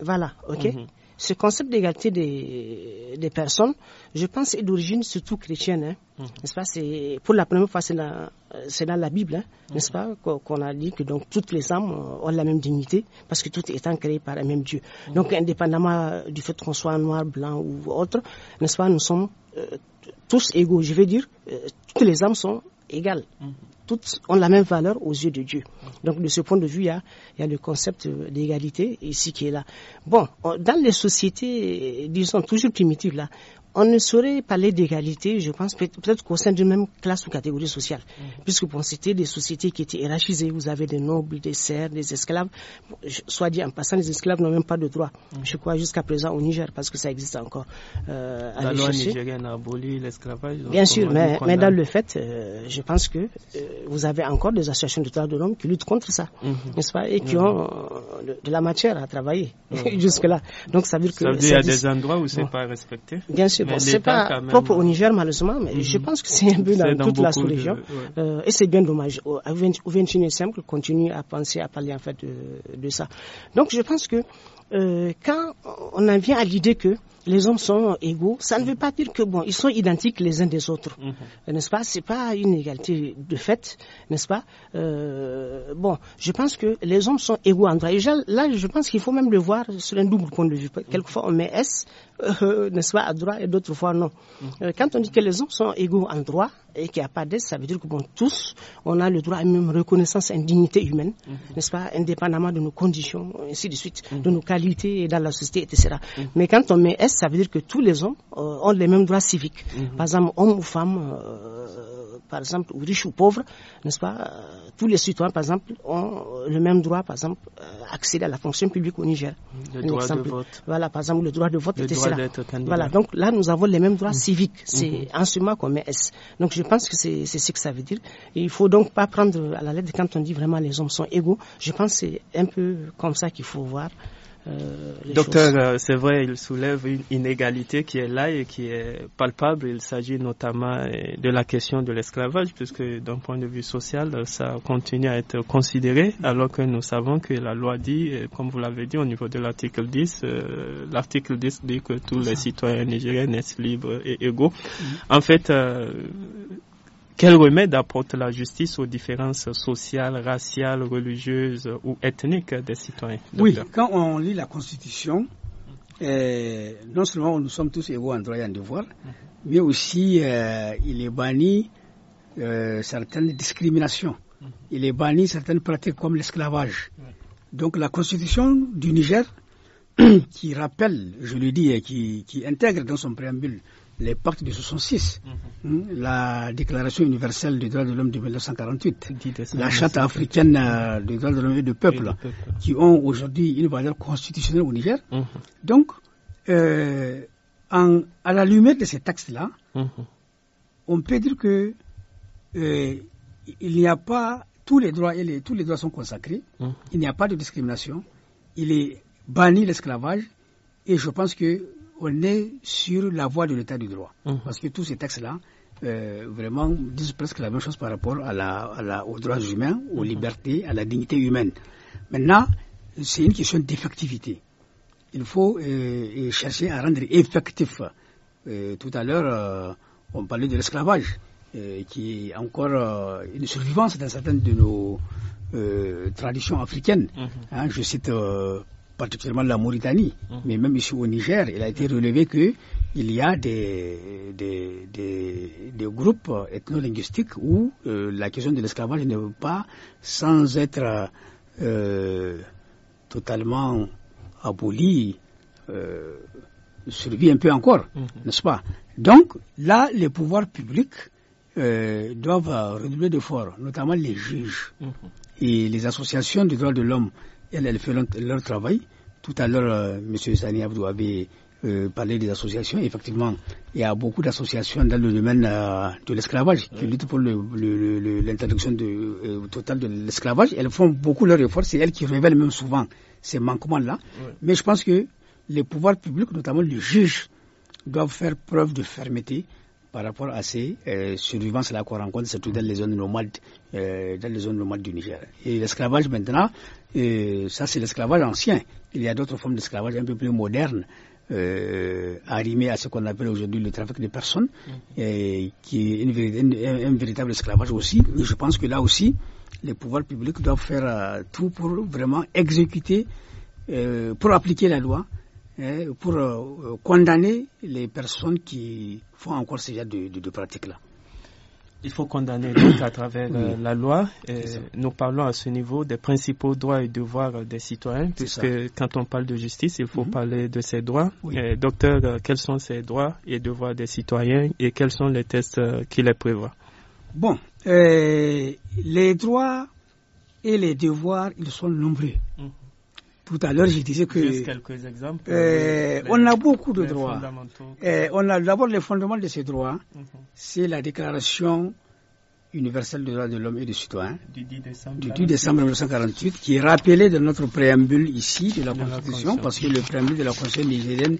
Voilà, ok. Mhm. Ce concept d'égalité des, personnes, je pense, est d'origine surtout chrétienne, hein. hum. n'est-ce pas C'est pour la première fois, c'est dans, la Bible, hein. hum. nest pas, qu'on a dit que donc toutes les âmes ont la même dignité parce que tout étant créé par le même Dieu. Hum. Donc, indépendamment du fait qu'on soit noir, blanc ou autre, n'est-ce pas, nous sommes euh, tous égaux. Je veux dire, euh, toutes les âmes sont égales toutes ont la même valeur aux yeux de Dieu. Donc de ce point de vue, il y a, le concept d'égalité ici qui est là. Bon, euh, dans les sociétés, disons, toujours primitives là, on ne saurait parler d'égalité, je pense, peut-être qu'au sein d'une même classe ou catégorie sociale. Mm. Puisque pour citer des sociétés qui étaient hiérarchisées. Vous avez des nobles, des serfs, des esclaves. Soit dit en passant, les esclaves n'ont même pas de droit. Mm. Je crois jusqu'à présent au Niger, parce que ça existe encore. Euh, la loi nigérienne a aboli l'esclavage. Bien sûr, mais, dans le fait, euh, je pense que euh, vous avez encore des associations de droits de l'homme qui luttent contre ça, mm-hmm. n'est-ce pas, et qui mm-hmm. ont de, la matière à travailler mm. jusque-là. Donc ça veut dire que... qu'il y a des endroits où c'est pas respecté Bien sûr, c'est pas propre au Niger, malheureusement, mais je mhm. pense que c'est un peu dans, toute la sous-région. Euh, et c'est bien dommage. Au XXIe siècle, continue à penser, à parler en fait de, de ça. Donc, je pense que euh, quand on en vient à l'idée que les hommes sont égaux, ça ne veut pas dire que bon, ils sont identiques les uns des autres, mhm. n'est-ce pas C'est pas une égalité de fait, n'est-ce pas euh, Bon, je pense que les hommes sont égaux en droit. Et là, je pense qu'il faut même le voir sur un double point de vue. Quelquefois, on met S, euh, n'est-ce pas, à droit, et d'autres fois non. Mhm. Euh, quand on dit que les hommes sont égaux en droit et qu'il n'y a pas d'S, ça veut dire que bon, tous, on a le droit à une même reconnaissance, et une dignité humaine, mhm. n'est-ce pas, indépendamment de nos conditions, ainsi de suite, de nos qualités dans la société, etc. Mais quand on met S ça veut dire que tous les hommes euh, ont les mêmes droits civiques. Mhm. Par exemple, hommes ou femmes, euh, par exemple, ou riches ou pauvres, n'est-ce pas euh, Tous les citoyens, par exemple, ont le même droit, par exemple, à accéder à la fonction publique au Niger. Le droit de vote. Voilà, par exemple, le droit de vote le était cela. Voilà, donc là, nous avons les mêmes droits mhm. civiques. C'est un mhm. instrument qu'on met S. Donc, je pense que c'est ce que ça veut dire. Il il faut donc pas prendre à la lettre quand on dit vraiment les hommes sont égaux. Je pense que c'est un peu comme ça qu'il faut voir. Euh, Docteur, euh, c'est vrai, il soulève une inégalité qui est là et qui est palpable. Il s'agit notamment euh, de la question de l'esclavage, puisque d'un point de vue social, ça continue à être considéré, alors que nous savons que la loi dit, comme vous l'avez dit au niveau de l'article 10, l'article 10 dit que tous les citoyens nigériens naissent libres et égaux. En fait, quel remède apporte la justice aux différences sociales, raciales, religieuses ou ethniques des citoyens Oui, quand on lit la Constitution, euh, non seulement nous sommes tous égaux en droit et en devoir, mhm. mais aussi euh, il est banni euh, certaines discriminations. Mhm. Il est banni certaines pratiques comme l'esclavage. Donc la Constitution du Niger, qui rappelle, je le dis, et qui intègre dans son préambule les pactes de 66, mhm. la Déclaration universelle des droits de l'homme de 1948, la Charte africaine euh, des droits de l'homme et du peuple, qui ont aujourd'hui une valeur constitutionnelle au Niger. Mhm. Donc, euh, à la lumière de ces textes-là, mhm. on peut dire que euh, il n'y a pas tous les droits et les, tous les droits sont consacrés. Il n'y a pas de discrimination. Il est banni l'esclavage et je pense que on est sur la voie de l'état du droit. Mmh. Parce que tous ces textes-là, euh, vraiment, disent presque la même chose par rapport à la, à aux droits humains, aux mmh. libertés, à la dignité humaine. Maintenant, c'est une question d'effectivité. Il faut euh, euh, chercher à rendre effectif. tout à l'heure, on parlait de l'esclavage, qui est encore une survivance dans certaines de nos traditions africaines. Mmh. Hein, je cite particulièrement la Mauritanie, hum. mais même ici au Niger, il a été relevé que il y a des, des, groupes ethno-linguistiques où euh, la question de l'esclavage ne veut pas, sans être euh, totalement abolie, euh, un peu encore, hum. n'est-ce pas Donc là, les pouvoirs publics euh, doivent redoubler d'efforts, notamment les juges hum. et les associations de droits de l'homme elles, font leur travail. Tout à l'heure, euh, M. Sani Abdou avait euh, parlé des associations. Effectivement, il y a beaucoup d'associations dans le domaine euh, de l'esclavage qui luttent pour l'interdiction totale de l'esclavage. Elles font beaucoup leur efforts. C'est elles qui révèlent même souvent ces manquements-là. Mais je pense que les pouvoirs publics, notamment les juges, doivent faire preuve de fermeté par rapport à ces survivances-là qu'on rencontre, surtout dans les zones nomades, dans les zones nomades du Niger. Et l'esclavage maintenant, et ça, c'est l'esclavage ancien. Il y a d'autres formes d'esclavage un peu plus modernes, euh, arrimées à ce qu'on appelle aujourd'hui le trafic de personnes, mm. et qui est un, véritable esclavage aussi. Et je pense que là aussi, les pouvoirs publics doivent faire euh, tout pour vraiment exécuter, euh, pour appliquer la loi, hein, pour euh, condamner les personnes qui font encore ce genre de pratiques-là il faut condamner donc à travers euh, la loi. nous parlons à ce niveau des principaux droits et devoirs euh, des citoyens, puisque quand on parle de justice, il faut mhm. parler de ces droits. docteur, euh, quels sont ces droits et devoirs des citoyens et quels sont les tests qui les prévoient Bon, les droits et les devoirs, ils sont nombreux. Mhm. Tout à l'heure, je disais que. Euh, on a beaucoup de droits. Euh, on a d'abord les fondements de ces droits. Mhm. C'est la déclaration universelle des droits de l'homme et des citoyens du 10 décembre, 1948, qui est rappelée dans notre préambule ici de la, Constitution, parce que le préambule de la Constitution nigérienne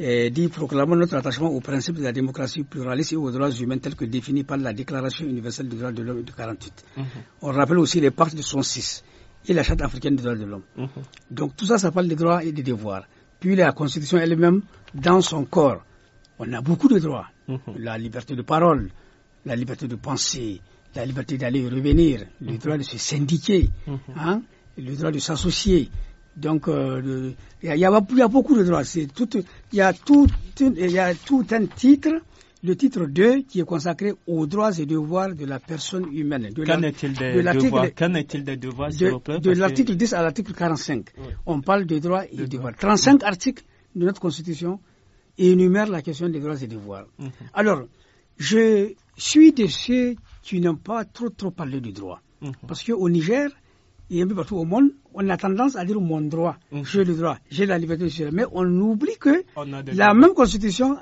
euh, dit proclamer notre attachement au principe de la démocratie pluraliste et aux droits humains tels que définis par la Déclaration universelle des droits de l'homme de 48. Mhm. On rappelle aussi les parties de son 6 et la Charte africaine des droits de l'homme. Mhm. Donc tout ça, ça parle des droits et des devoirs. Puis la Constitution elle-même, dans son corps, on a beaucoup de droits. Mhm. La liberté de parole, la liberté de penser, la liberté d'aller et revenir, le mhm. droit de se syndiquer, hein, le droit de s'associer. Donc, euh, il y, a beaucoup de droits. Il y, a tout, y a tout un titre le titre 2 qui est consacré aux droits et devoirs de la personne humaine. Qu'en est-il des, de est devoirs De, l'article 10 à l'article 45, on parle des droits et devoirs. 35 articles de notre Constitution énumèrent la question des droits et devoirs. Mhm. Alors, je suis de ceux qui n'ont pas trop trop parlé du droit. Mhm. parce que Parce qu'au Niger, et un peu partout au monde, on a tendance à dire mon droit, mhm. j'ai le droit, j'ai la liberté, mais on oublie que la même Constitution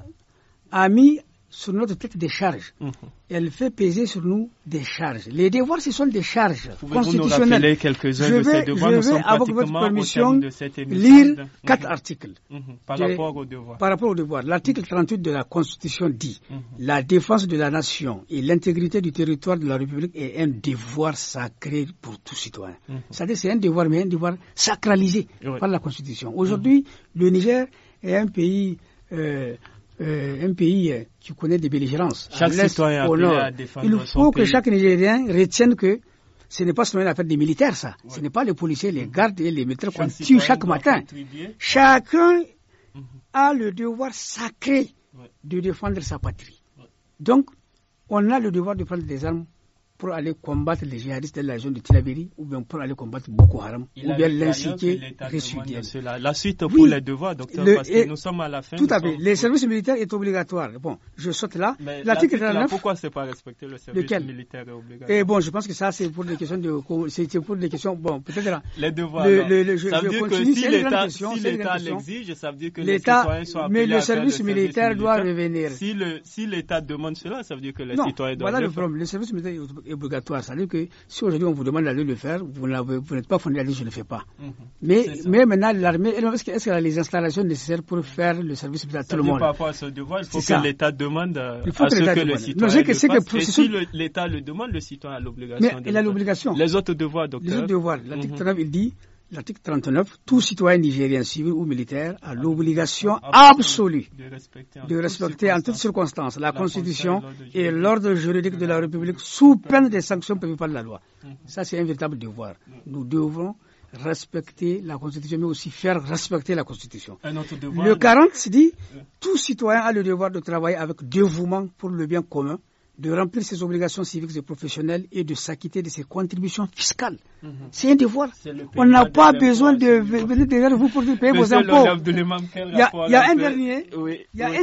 a mis sur notre tête des charges. Mhm. Elle fait peser sur nous des charges. Les devoirs, ce sont des charges Pouvez vous Nous quelques-uns de ces devoirs Je vais, avec votre permission, lire quatre articles. Mhm. Par, rapport aux devoirs. par rapport L'article 38 de la Constitution dit mhm. La défense de la nation et l'intégrité du territoire de la République est un devoir sacré pour tout citoyen. C'est-à-dire c'est un devoir, mais un devoir sacralisé par la Constitution. Aujourd'hui, le Niger est un pays... Euh, euh, un pays euh, qui connaît des belligérances. Chaque citoyen Il faut que chaque Nigérien retienne que ce n'est pas seulement l'affaire des militaires, ça. Ce n'est pas les policiers, les mhm. gardes et les militaires qu'on tue chaque matin. Chacun mhm. a le devoir sacré de défendre sa patrie. Donc, on a le devoir de prendre des armes pour aller combattre les jihadistes de la région de Tilaberi ou bien pour aller combattre Boko Haram ou bien l'insécurité La suite pour les devoirs, docteur, parce que nous sommes à la fin. Tout à fait. Le service militaire est obligatoire. Bon, je saute là. L'article 39. Pourquoi c'est pas respecté le service militaire est obligatoire Et eh bon, je pense que ça c'est pour des questions de c'était pour des questions bon, peut-être là. Les devoirs. ça veut dire que si l'État l'exige, ça veut dire que les citoyens sont appelés Mais le service militaire doit revenir. Si l'État demande cela, ça veut dire que les citoyens doivent Voilà le problème. Le service militaire obligatoire. C'est-à-dire que si aujourd'hui on vous demande d'aller le faire, vous n'êtes pas fondé à dire je ne le fais pas. Mhm. mais, mais maintenant, l'armée, est-ce qu'elle a les installations nécessaires pour faire le service militaire à tout le monde Parfois, ce devoir, il faut que l'État demande euh, à que ce que demande. le citoyen. le si l'État le demande, le citoyen a l'obligation. Mais il a l'obligation. Les autres devoirs, docteur. Les autres devoirs. L'article mhm. il dit l'article 39, tout citoyen nigérien civil ou militaire a ah, l'obligation ah, ah, absolue de respecter, en, toutes circonstances la, Constitution et l'ordre juridique de la République sous peine des sanctions prévues par la loi. Mhm. Ça, c'est un véritable devoir. Mhm. Nous devons respecter la Constitution, mais aussi faire respecter la Constitution. le 40 dit, euh. tout citoyen a le devoir de travailler avec dévouement pour le bien commun de remplir ses obligations civiques et professionnelles et de s'acquitter de ses contributions fiscales. Mhm. C'est un devoir. On n'a pas besoin de venir derrière vous pour payer vos impôts. Il y a, un,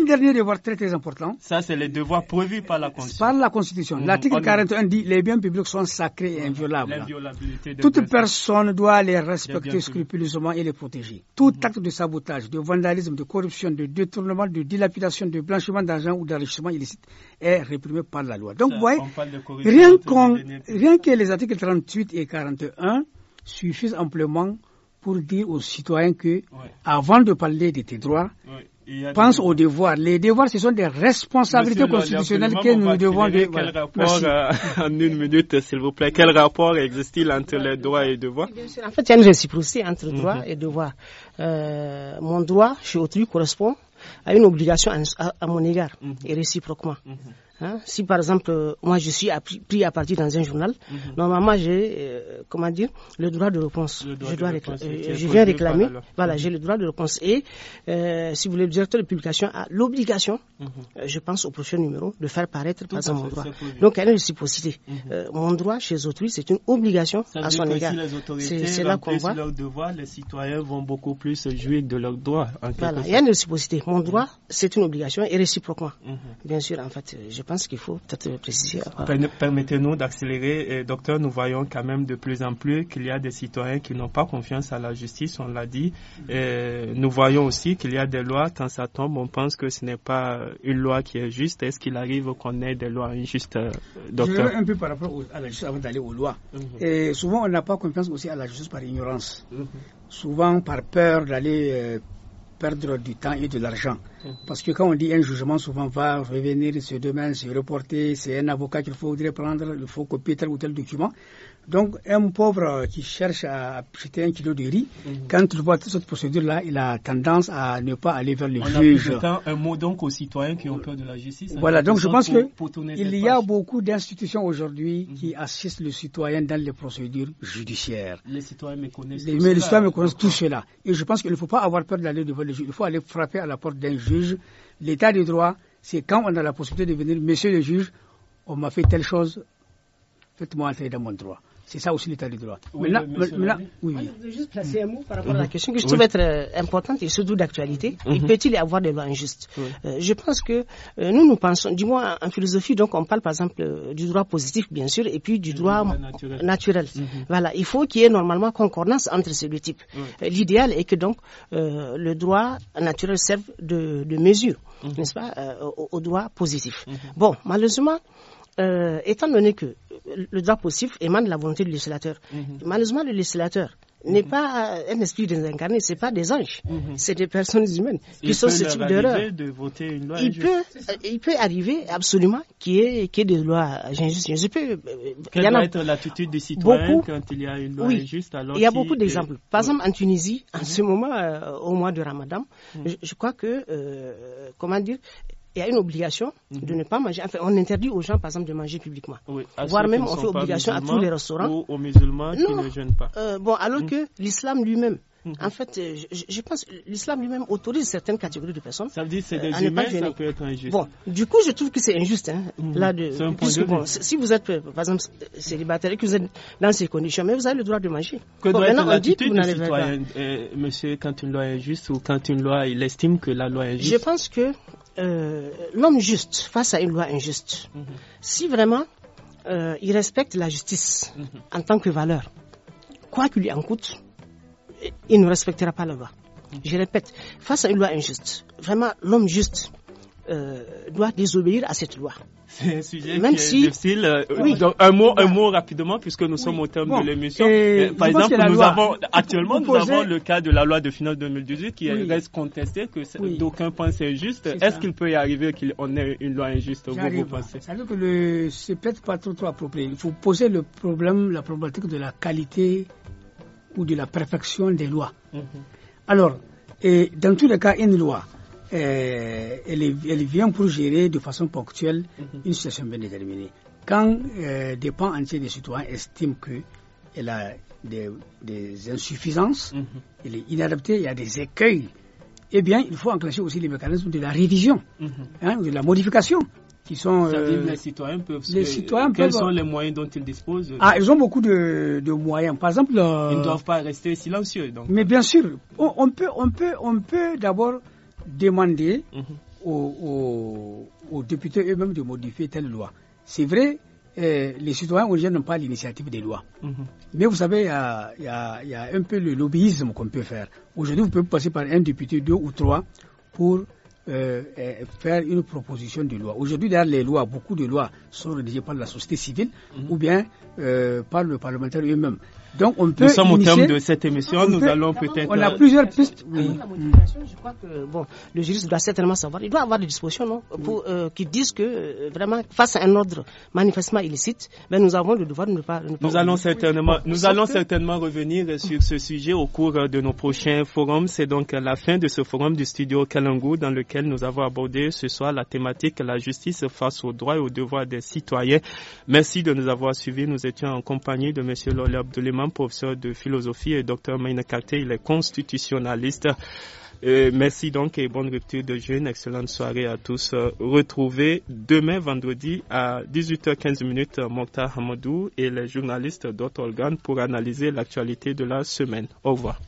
dernier, devoir très très important. Ça, c'est les devoirs prévus par la Constitution. la Constitution. Mhm. L'article 41 dit les biens publics sont sacrés et inviolables. Toute personne doit les respecter scrupuleusement et les protéger. Tout mhm. acte de sabotage, de vandalisme, de corruption, de détournement, de dilapidation, de blanchiment d'argent ou d'enrichissement illicite est réprimé par la loi. Donc, vous voyez, rien, que les articles 38 et 41 suffisent amplement pour dire aux citoyens que, avant de parler de tes droits, pense aux devoirs. Les devoirs, ce sont des responsabilités constitutionnelles que nous devons. De... Quel rapport, euh, en une minute, s'il vous plaît, quel rapport existe-t-il entre les droits et les devoirs En fait, il y a une réciprocité entre mhm. droits et devoirs. Euh, mon droit chez autrui correspond à une obligation à, mon égard mhm. et réciproquement. Mhm. Hein? si par exemple, euh, moi je suis pris à partir dans un journal, mhm. normalement j'ai, euh, comment dire, le droit de réponse. je, dois euh, je viens réclamer. Voilà, mhm. j'ai le droit de réponse. Et si vous voulez, le directeur de publication a l'obligation, mhm. je pense au prochain numéro, de faire paraître par exemple mon droit. Donc elle est réciprocité. mon droit chez autrui, c'est une obligation à son égard. C'est là qu'on voit. Leur devoir, les citoyens vont beaucoup plus jouir de leurs droits. Voilà, il y a une réciprocité. Mon droit, c'est une obligation et réciproquement. Bien sûr, en fait, je pense qu'il faut peut-être préciser. Permettez-nous d'accélérer. Docteur, nous voyons quand même de plus en plus qu'il y a des citoyens qui n'ont pas confiance à la justice, on l'a dit. nous voyons aussi qu'il y a des lois, tant ça tombe, on pense que ce n'est pas une loi qui est juste. Est-ce qu'il arrive qu'on ait des lois injustes, euh, docteur Je un peu par rapport à la justice avant d'aller aux lois. Mhm. Et souvent, on n'a pas confiance aussi à la justice par ignorance. Mhm. Souvent par peur d'aller euh, perdre du temps et de l'argent. Hum. Parce que quand on dit un jugement, souvent va revenir, ce demain, c'est reporter, c'est un avocat qu'il faudrait prendre, il faut copier tel ou tel document. Donc, un pauvre qui cherche à acheter un kilo de riz, mhm. quand il voit toute cette procédure-là, il a tendance à ne pas aller vers le on juge. un mot donc aux citoyens qui ont peur de la justice. Hein, voilà, donc je pense qu'il y a beaucoup d'institutions aujourd'hui mhm. qui assistent le citoyen dans les procédures judiciaires. Les citoyens me connaissent tout Mais les citoyens me connaissent tout cela. Et je pense qu'il ne faut pas avoir peur d'aller devant le juge. Il faut aller frapper à la porte d'un juge. L'état du droit, c'est quand on a la possibilité de venir, monsieur le juge, on m'a fait telle chose, faites-moi entrer dans mon droit. C'est ça aussi l'état de droit. là, oui. je juste placer un mot par rapport à la question que je trouve être euh, importante et surtout d'actualité. Mhm. Il peut-il y avoir des lois injustes euh, Je pense que euh, nous, nous pensons, du moins en, philosophie, donc on parle par exemple du droit positif, bien sûr, et puis du droit, naturel. Mhm. Voilà, il faut qu'il y ait normalement concordance entre ces deux types. L'idéal est que donc le droit naturel serve de, mesure, mhm. n'est-ce pas, au, droit positif. Bon, malheureusement, euh, étant donné que le droit positif émane de la volonté du législateur, mhm. malheureusement, le législateur mhm. n'est pas euh, un esprit désincarné, ce n'est pas des anges, mhm. c'est des personnes humaines qui sont ce type d'erreur. Euh, il, peut, arriver absolument qu'il y, ait, des lois injustes. Je peut y être l'attitude des citoyens quand il y a une loi injuste alors Il y a beaucoup d'exemples. Par exemple, en Tunisie, en ce moment, au mois de Ramadan, je, crois que, comment dire, il y a une obligation mhm. de ne pas manger. fait, on interdit aux gens, par exemple, de manger publiquement. Voire même, on fait obligation à tous les restaurants. Ou aux musulmans non. qui ne jeûnent pas. Euh, bon, alors mhm. que l'islam lui-même, mhm. en fait, euh, je, pense l'islam lui-même autorise certaines catégories de personnes. Ça veut dire que c'est euh, des ça peut être injuste. Bon, du coup, je trouve que c'est injuste. Hein, là de, bon, si vous êtes, par exemple, célibataire et que vous êtes dans ces conditions, mais vous avez le droit de manger. Que doit être l'attitude du citoyen, monsieur, quand une loi est injuste ou quand une loi, il estime que la loi est injuste Je pense que euh, l'homme juste face à une loi injuste, mhm. si vraiment euh, il respecte la justice mhm. en tant que valeur, quoi qu'il lui en coûte, il ne respectera pas la loi. Mhm. Je répète, face à une loi injuste, vraiment l'homme juste euh, doit désobéir à cette loi. C'est un sujet Même difficile. Euh, un mot, un bah. mot rapidement, puisque nous sommes au terme de l'émission. Par exemple, nous avons actuellement nous avons le cas de la loi de finale 2018 qui reste contestée, que d'aucuns pensent injuste. Est-ce qu'il peut y arriver qu'on ait une loi injuste vous, pensez cest c'est peut-être pas trop, trop approprié. Il faut poser le problème, la problématique de la qualité ou de la perfection des lois. Mhm. Alors, et dans tous les cas, une loi euh, elle, vient pour gérer de façon ponctuelle mhm. une situation bien déterminée. Quand euh, des pans entiers des citoyens estiment qu'elle a des, insuffisances, qu'elle mhm. elle est inadaptée, il y a des écueils, eh bien, il faut enclencher aussi les mécanismes de la révision, mhm. hein, de la modification qui sont. Euh, les citoyens peuvent. quels sont les moyens dont ils disposent Ah, ils ont beaucoup de, moyens. Par exemple. ils ne doivent pas rester silencieux. Donc. Mais bien sûr, on peut, on peut, on peut d'abord demander mhm. aux, députés eux-mêmes de modifier telle loi. C'est vrai, euh, les citoyens aujourd'hui n'ont pas l'initiative des lois. Mhm. Mais vous savez, il y, a, un peu le lobbyisme qu'on peut faire. Aujourd'hui, vous pouvez passer par un député, deux ou trois, pour euh, euh, faire une proposition de loi. Aujourd'hui, derrière les lois, beaucoup de lois sont rédigées par la société civile mhm. ou bien par le parlementaire lui-même. Nous sommes au terme de cette émission. Nous allons peut-être. On a euh, plusieurs pistes. Oui. La mm. je crois que bon, le juriste doit certainement savoir. Il doit avoir des dispositions, non, pour euh, qui disent que euh, vraiment face à un ordre manifestement illicite, ben, nous avons le devoir de ne pas. nous allons certainement, nous allons certainement revenir sur ce sujet au cours de nos prochains forums. C'est donc la fin de ce forum du studio Kalangu dans lequel nous avons abordé ce soir la thématique la justice face aux droits et aux devoirs des citoyens. Merci de nous avoir suivis. Nous étions en compagnie de Monsieur Lolé Abdulema professeur de philosophie et docteur Maïna Kate, il est constitutionnaliste. Euh, merci donc et bonne rupture de jeûne. Excellente soirée à tous. Euh, retrouvez demain vendredi à 18h15 euh, Mokta Hamadou et les journalistes d'autres organes pour analyser l'actualité de la semaine. Au revoir.